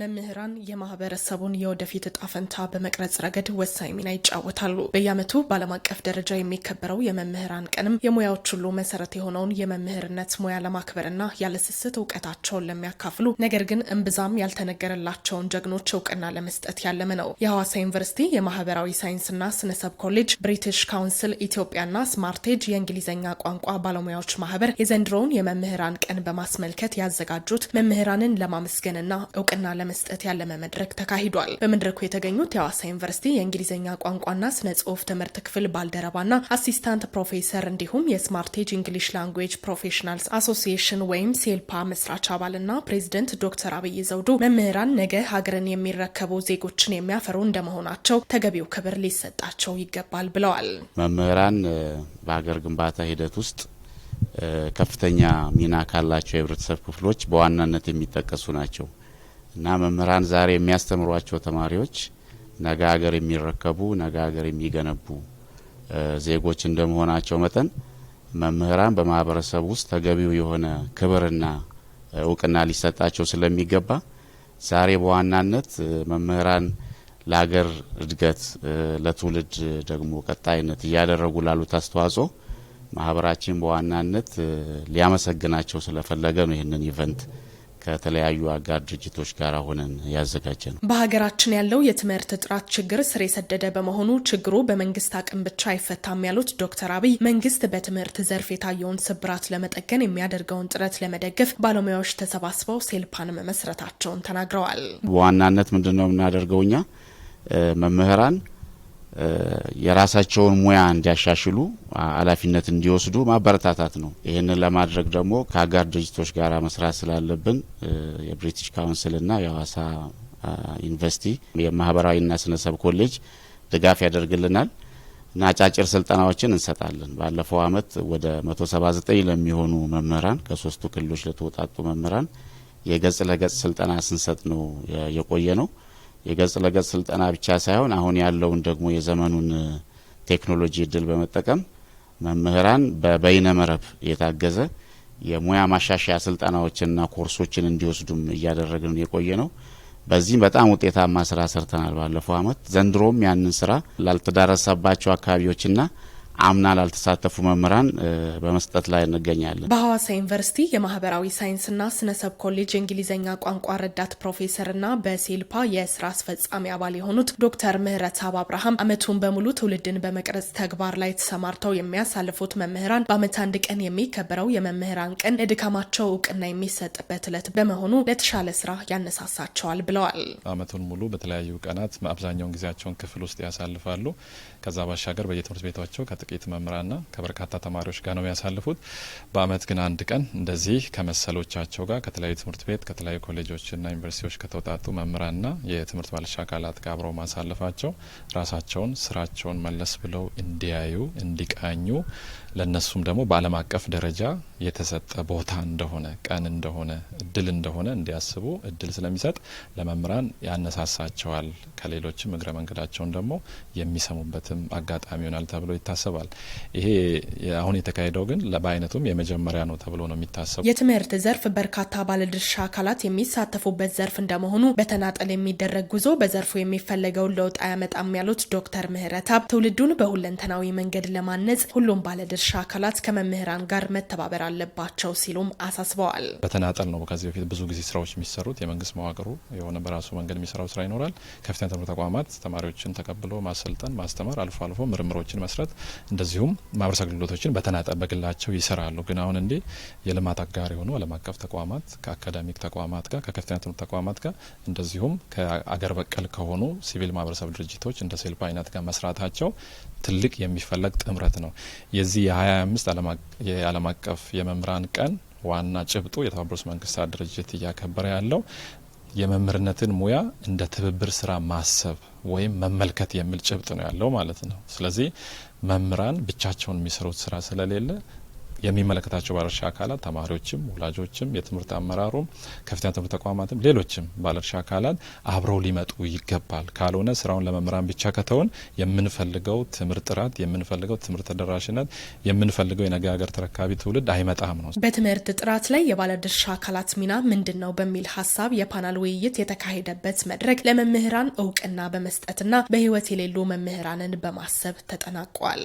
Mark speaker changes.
Speaker 1: መምህራን የማህበረሰቡን የወደፊት እጣ ፈንታ በመቅረጽ ረገድ ወሳኝ ሚና ይጫወታሉ። በየዓመቱ በዓለም አቀፍ ደረጃ የሚከበረው የመምህራን ቀንም የሙያዎች ሁሉ መሰረት የሆነውን የመምህርነት ሙያ ለማክበርና ያለስስት እውቀታቸውን ለሚያካፍሉ ነገር ግን እምብዛም ያልተነገረላቸውን ጀግኖች እውቅና ለመስጠት ያለመ ነው። የሐዋሳ ዩኒቨርሲቲ የማህበራዊ ሳይንስና ስነሰብ ኮሌጅ፣ ብሪቲሽ ካውንስል ኢትዮጵያና ስማርቴጅ የእንግሊዝኛ ቋንቋ ባለሙያዎች ማህበር የዘንድሮውን የመምህራን ቀን በማስመልከት ያዘጋጁት መምህራንን ለማመስገንና እውቅና ለመስጠት ያለመ መድረክ ተካሂዷል። በመድረኩ የተገኙት የሐዋሳ ዩኒቨርሲቲ የእንግሊዝኛ ቋንቋና ስነ ጽሁፍ ትምህርት ክፍል ባልደረባና አሲስታንት ፕሮፌሰር እንዲሁም የስማርቴጅ እንግሊሽ ላንጉዌጅ ፕሮፌሽናልስ አሶሲዬሽን ወይም ሴልፓ መስራች አባልና ፕሬዚደንት ዶክተር አብይ ዘውዱ መምህራን ነገ ሀገርን የሚረከቡ ዜጎችን የሚያፈሩ እንደመሆናቸው ተገቢው ክብር ሊሰጣቸው ይገባል ብለዋል።
Speaker 2: መምህራን በሀገር ግንባታ ሂደት ውስጥ ከፍተኛ ሚና ካላቸው የህብረተሰብ ክፍሎች በዋናነት የሚጠቀሱ ናቸው። እና መምህራን ዛሬ የሚያስተምሯቸው ተማሪዎች ነገ ሀገር የሚረከቡ ነገ ሀገር የሚገነቡ ዜጎች እንደመሆናቸው መጠን መምህራን በማህበረሰብ ውስጥ ተገቢው የሆነ ክብርና እውቅና ሊሰጣቸው ስለሚገባ ዛሬ በዋናነት መምህራን ለሀገር እድገት ለትውልድ ደግሞ ቀጣይነት እያደረጉ ላሉት አስተዋጽኦ ማህበራችን በዋናነት ሊያመሰግናቸው ስለፈለገ ነው ይህንን ኢቨንት ከተለያዩ አጋር ድርጅቶች ጋር ሆነን ያዘጋጀ ነው።
Speaker 1: በሀገራችን ያለው የትምህርት ጥራት ችግር ስር የሰደደ በመሆኑ ችግሩ በመንግስት አቅም ብቻ አይፈታም ያሉት ዶክተር አብይ መንግስት በትምህርት ዘርፍ የታየውን ስብራት ለመጠገን የሚያደርገውን ጥረት ለመደገፍ ባለሙያዎች ተሰባስበው ሴልፓን መመስረታቸውን ተናግረዋል።
Speaker 2: በዋናነት ምንድን ነው የምናደርገው እኛ መምህራን የራሳቸውን ሙያ እንዲያሻሽሉ ኃላፊነት እንዲወስዱ ማበረታታት ነው። ይህንን ለማድረግ ደግሞ ከአጋር ድርጅቶች ጋር መስራት ስላለብን የብሪቲሽ ካውንስልና የሀዋሳ ዩኒቨርሲቲ የማህበራዊና ስነሰብ ኮሌጅ ድጋፍ ያደርግልናል እና አጫጭር ስልጠናዎችን እንሰጣለን። ባለፈው አመት ወደ 179 ለሚሆኑ መምህራን ከሶስቱ ክልሎች ለተወጣጡ መምህራን የገጽ ለገጽ ስልጠና ስንሰጥ ነው የቆየ ነው። የገጽ ለገጽ ስልጠና ብቻ ሳይሆን አሁን ያለውን ደግሞ የዘመኑን ቴክኖሎጂ እድል በመጠቀም መምህራን በበይነ መረብ የታገዘ የሙያ ማሻሻያ ስልጠናዎችንና ኮርሶችን እንዲወስዱም እያደረግን የቆየ ነው። በዚህም በጣም ውጤታማ ስራ ሰርተናል ባለፈው አመት። ዘንድሮም ያንን ስራ ላልተዳረሰባቸው አካባቢዎችና አምና ላልተሳተፉ መምህራን በመስጠት ላይ እንገኛለን።
Speaker 3: በሐዋሳ ዩኒቨርሲቲ የማህበራዊ ሳይንስና ስነሰብ ኮሌጅ የእንግሊዝኛ ቋንቋ ረዳት ፕሮፌሰርና በሴልፓ የስራ አስፈጻሚ አባል የሆኑት ዶክተር አብ አብርሃም አመቱን በሙሉ ትውልድን በመቅረጽ ተግባር ላይ ተሰማርተው የሚያሳልፉት መምህራን በአመት አንድ ቀን የሚከበረው የመምህራን ቀን ለድካማቸው እውቅና የሚሰጥበት ለት በመሆኑ ለተሻለ ስራ ያነሳሳቸዋል ብለዋል።
Speaker 4: አመቱን ሙሉ በተለያዩ ቀናት አብዛኛውን ጊዜያቸውን ክፍል ውስጥ ያሳልፋሉ። ከዛ ባሻገር በየትምህርት ቤታቸው ጥቂት መምህራንና ከበርካታ ተማሪዎች ጋር ነው የሚያሳልፉት። በአመት ግን አንድ ቀን እንደዚህ ከመሰሎቻቸው ጋር ከተለያዩ ትምህርት ቤት ከተለያዩ ኮሌጆችና ዩኒቨርሲቲዎች ከተውጣጡ መምህራንና የትምህርት ባለድርሻ አካላት ጋር አብረው ማሳለፋቸው ራሳቸውን ስራቸውን መለስ ብለው እንዲያዩ እንዲቃኙ ለእነሱም ደግሞ በዓለም አቀፍ ደረጃ የተሰጠ ቦታ እንደሆነ ቀን እንደሆነ እድል እንደሆነ እንዲያስቡ እድል ስለሚሰጥ ለመምህራን ያነሳሳቸዋል። ከሌሎችም እግረ መንገዳቸውን ደግሞ የሚሰሙበትም አጋጣሚ ይሆናል ተብሎ ይታሰባል። ይታሰባል። ይሄ አሁን የተካሄደው ግን በአይነቱም የመጀመሪያ ነው ተብሎ ነው የሚታሰቡ።
Speaker 1: የትምህርት ዘርፍ በርካታ ባለድርሻ አካላት የሚሳተፉበት ዘርፍ እንደመሆኑ በተናጠል የሚደረግ ጉዞ በዘርፉ የሚፈለገውን ለውጥ አያመጣም ያሉት ዶክተር ምህረታብ ትውልዱን በሁለንተናዊ መንገድ ለማነጽ ሁሉም ባለድርሻ አካላት ከመምህራን ጋር መተባበር አለባቸው ሲሉም አሳስበዋል።
Speaker 4: በተናጠል ነው ከዚህ በፊት ብዙ ጊዜ ስራዎች የሚሰሩት የመንግስት መዋቅሩ የሆነ በራሱ መንገድ የሚሰራው ስራ ይኖራል። ከፍተኛ ትምህርት ተቋማት ተማሪዎችን ተቀብሎ ማሰልጠን፣ ማስተማር፣ አልፎ አልፎ ምርምሮችን መስራት እንደዚሁም ማህበረሰብ አገልግሎቶችን በተናጠበግላቸው በግላቸው ይሰራሉ። ግን አሁን እንዴ የልማት አጋር የሆኑ ዓለም አቀፍ ተቋማት ከአካዳሚክ ተቋማት ጋር ከከፍተኛ ትምህርት ተቋማት ጋር እንደዚሁም ከአገር በቀል ከሆኑ ሲቪል ማህበረሰብ ድርጅቶች እንደ ሴልፓ አይነት ጋር መስራታቸው ትልቅ የሚፈለግ ጥምረት ነው። የዚህ የ25 የዓለም አቀፍ የመምህራን ቀን ዋና ጭብጡ የተባበሩት መንግስታት ድርጅት እያከበረ ያለው የመምህርነትን ሙያ እንደ ትብብር ስራ ማሰብ ወይም መመልከት የሚል ጭብጥ ነው ያለው ማለት ነው። ስለዚህ መምህራን ብቻቸውን የሚሰሩት ስራ ስለሌለ የሚመለከታቸው ባለድርሻ አካላት ተማሪዎችም፣ ወላጆችም፣ የትምህርት አመራሩም፣ ከፍተኛ ትምህርት ተቋማትም፣ ሌሎችም ባለድርሻ አካላት አብረው ሊመጡ ይገባል። ካልሆነ ስራውን ለመምህራን ብቻ ከተውን የምንፈልገው ትምህርት ጥራት፣ የምንፈልገው ትምህርት ተደራሽነት፣ የምንፈልገው የነገ ሀገር ተረካቢ ትውልድ አይመጣም ነው።
Speaker 1: በትምህርት ጥራት ላይ የባለድርሻ አካላት ሚና ምንድን ነው በሚል ሀሳብ የፓናል ውይይት የተካሄደበት መድረክ ለመምህራን እውቅና በመስጠትና በህይወት የሌሉ መምህራንን በማሰብ ተጠናቋል።